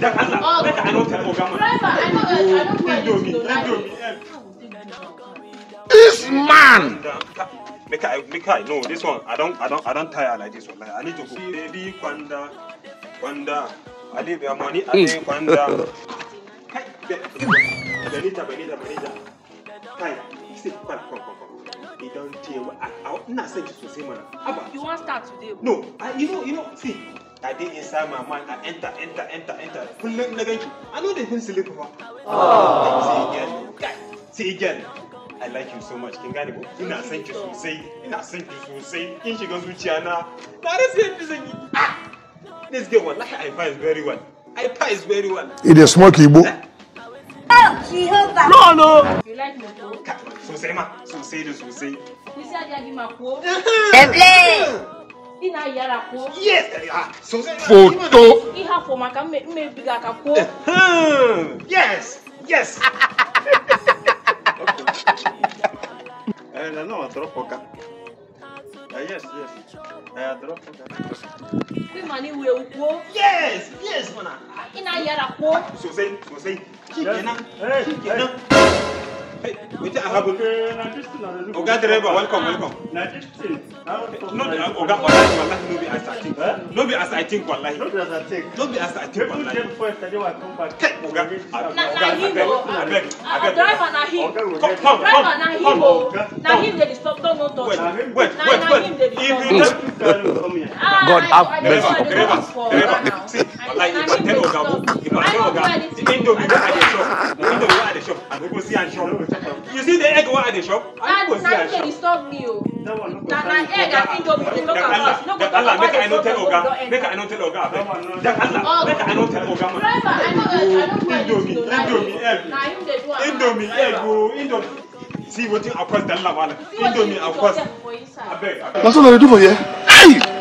that answer. that I don't tell Ogama. I know that. I This man. Make I, make I, no, this one, I don't, I don't, I don't tire like this one. I need to go. Baby, Kwanda, Kwanda, I leave your money, I leave Kwanda. Benita, Benita, Benita. Kai, see, come, come, come, come. they don't tell. I, I, I, I, I, I, to I, I, I, I, I, I, I, I, I, I, I, I, I, I, I, I, I did inside my a I enter, enter, enter, enter. Kullum na ganki. I know the thing fa. Sai again. Sai again. I like you so much. Kin gane ko? Ina son ki sosai. Ina son ki sosai. Kin shiga zuciya na. Na rasa yadda zan yi. This girl wallahi I advise very well. I advise very well. It is smoky bo. No, no. You like moto? Sosai ma. Sosai da sosai. Ni sai ya gi ma ko. Eble. yara ko. Yes, Eliha. Ah, so photo. Iha for maka me me biga ka ko. Yes, yes. Eh, la no troppo ka. Uh, yes, yes. Uh, drop okay. We money we go. Yes, yes, mana. Ina yara ko. So say, so say. Chicken, yes. hey, chicken. Hey. Wita ahabu. Oga driver, welcome, welcome. No, Oga, wallahi, wallahi, no be as I think. No be as I think, wallahi. No be as I think. No be as I think, wallahi. Kai, Oga, Oga, abeg, abeg. Driver na him. Come, come, come, come. Na him dey disturb, don't no touch. Wait, wait, wait. If you don't, ah, God have mercy. Driver, driver, see, wallahi, if I tell Oga, if I tell Oga, the Indomie, and people see am shop you see the egg wey i dey shop and people see am shop. that na disturb me o na na egg and indomie dey talk about no go talk about the problem make i no tell oga abeg jack allah oh. make i no tell oga man. driver i no i no buy indomie indomie egg na him dey do am indomie egg o oh. indomie see wetin i cause dalla wahala indomie i cause abeg. na so dem dey do for here.